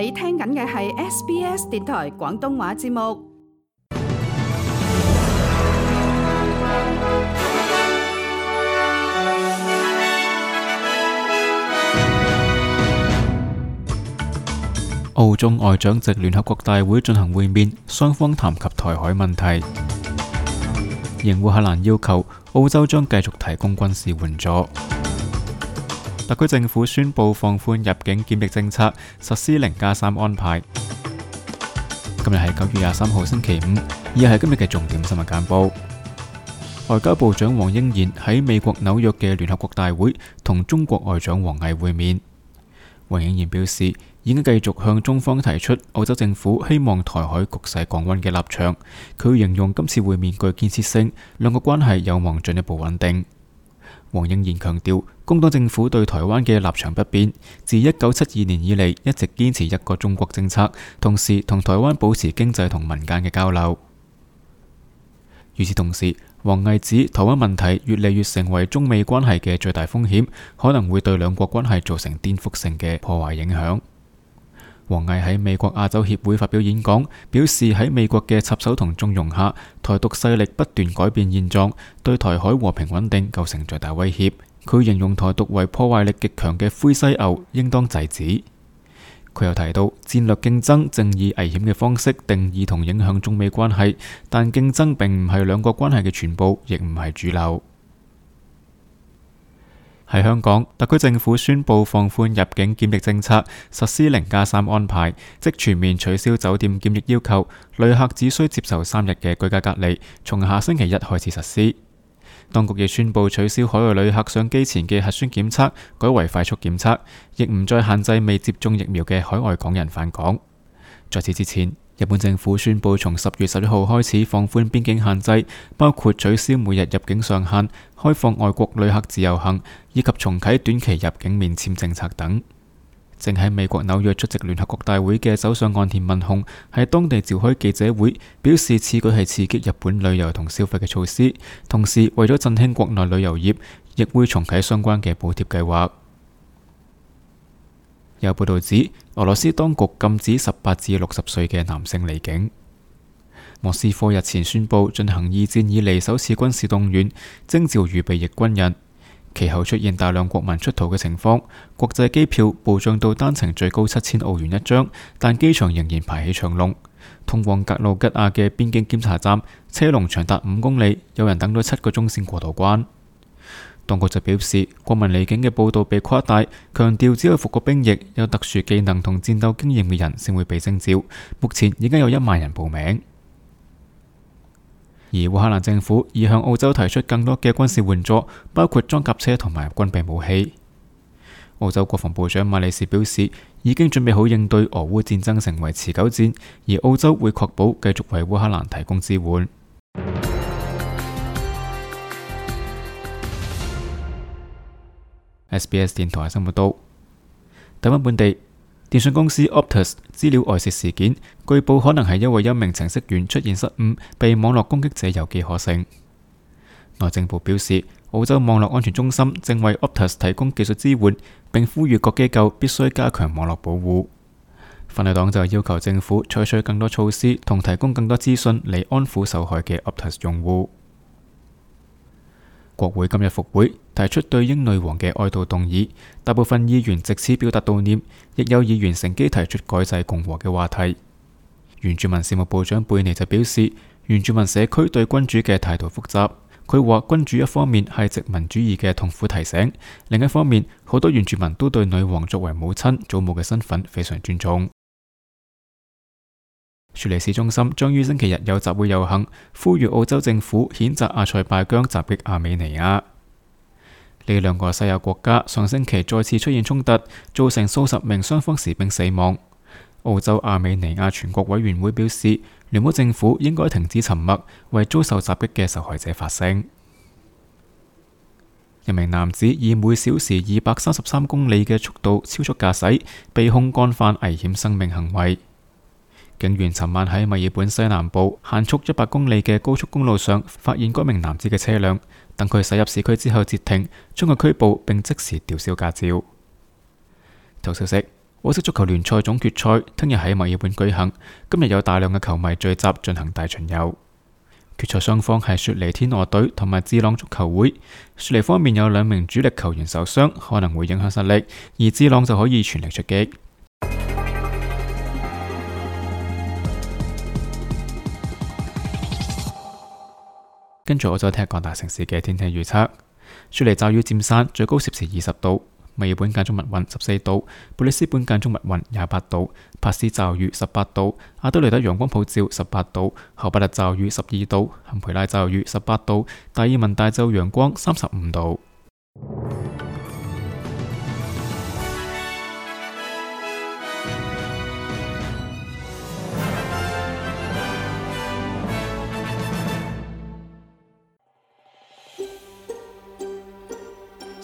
你聽緊嘅係 SBS 電台廣東話節目。澳中外長藉聯合國大會進行會面，雙方談及台海問題。應烏克蘭要求，澳洲將繼續提供軍事援助。特區政府宣布放寬入境檢疫政策，實施零加三安排。今日係九月廿三號星期五，以下係今日嘅重點新聞簡報。外交部長黃英賢喺美國紐約嘅聯合國大會同中國外長王毅會面。黃英賢表示，已經繼續向中方提出澳洲政府希望台海局勢降溫嘅立場。佢形容今次會面具建設性，兩國關係有望進一步穩定。黃英賢強調，工黨政府對台灣嘅立場不變，自一九七二年以嚟一直堅持一個中國政策，同時同台灣保持經濟同民間嘅交流。與此同時，王毅指台灣問題越嚟越成為中美關係嘅最大風險，可能會對兩國關係造成顛覆性嘅破壞影響。王毅喺美國亞洲協會發表演講，表示喺美國嘅插手同縱容下，台獨勢力不斷改變現狀，對台海和平穩定構成最大威脅。佢形容台獨為破壞力極強嘅灰犀牛，應當制止。佢又提到，戰略競爭正以危險嘅方式定義同影響中美關係，但競爭並唔係兩國關係嘅全部，亦唔係主流。喺香港，特區政府宣布放寬入境檢疫政策，實施零加三安排，即全面取消酒店檢疫要求，旅客只需接受三日嘅居家隔離，從下星期一開始實施。當局亦宣布取消海外旅客上機前嘅核酸檢測，改為快速檢測，亦唔再限制未接種疫苗嘅海外港人返港。在此之前。日本政府宣布從十月十一號開始放寬邊境限制，包括取消每日入境上限、開放外國旅客自由行，以及重啟短期入境免簽政策等。正喺美國紐約出席聯合國大會嘅首相岸田文雄喺當地召開記者會，表示此舉係刺激日本旅遊同消費嘅措施，同時為咗振興國內旅遊業，亦會重啟相關嘅補貼計劃。有報道指，俄羅斯當局禁止十八至六十歲嘅男性離境。莫斯科日前宣布進行二戰以嚟首次軍事動員，徵召預備役軍人。其後出現大量國民出逃嘅情況，國際機票暴漲到單程最高七千澳元一張，但機場仍然排起長龍。通往格魯吉亞嘅邊境檢查站，車龍長達五公里，有人等咗七個鐘先過渡關。當局就表示，國民離境嘅報道被誇大，強調只有服過兵役、有特殊技能同戰鬥經驗嘅人先會被徵召。目前已經有一萬人報名。而烏克蘭政府已向澳洲提出更多嘅軍事援助，包括裝甲車同埋軍備武器。澳洲國防部長馬里士表示，已經準備好應對俄烏戰爭成為持久戰，而澳洲會確保繼續為烏克蘭提供支援。SBS 電台《生活道》。睇返本地電信公司 Optus 資料外洩事件，據報可能係因為一名程式員出現失誤，被網絡攻擊者有機可乘。內政部表示，澳洲網絡安全中心正為 Optus 提供技術支援，並呼籲各機構必須加強網絡保護。泛綠黨就要求政府採取更多措施，同提供更多資訊嚟安撫受害嘅 Optus 用戶。國會今日復會，提出對英女王嘅哀悼動議。大部分議員藉此表達悼念，亦有議員乘機提出改制共和嘅話題。原住民事務部長貝尼就表示，原住民社區對君主嘅態度複雜。佢話君主一方面係殖民主義嘅痛苦提醒，另一方面好多原住民都對女王作為母親、祖母嘅身份非常尊重。雪梨市中心，將於星期日有集會遊行，呼籲澳洲政府譴責阿塞拜疆襲擊阿美尼亞。呢兩個西亞國家上星期再次出現衝突，造成數十名雙方士兵死亡。澳洲阿美尼亞全國委員會表示，聯邦政府應該停止沉默，為遭受襲擊嘅受害者發聲。一名男子以每小時二百三十三公里嘅速度超速駕駛，被控干犯危險生命行為。警員尋晚喺墨爾本西南部限速一百公里嘅高速公路上，發現該名男子嘅車輛，等佢駛入市區之後截停，將佢拘捕並即時吊銷駕照。舊消息，澳式足球聯賽總決賽聽日喺墨爾本舉行，今日有大量嘅球迷聚集進行大巡遊。決賽雙方係雪梨天鵝隊同埋智朗足球會。雪梨方面有兩名主力球員受傷，可能會影響實力，而智朗就可以全力出擊。跟住我再聽各大城市嘅天氣預測。雪梨驟雨占山，最高攝氏二十度。墨爾本間中密雲十四度，布里斯本間中密雲廿八度，帕斯驟雨十八度，阿德雷德陽光普照十八度，荷伯特驟雨十二度，坎培拉驟雨十八度，達爾文大致陽光三十五度。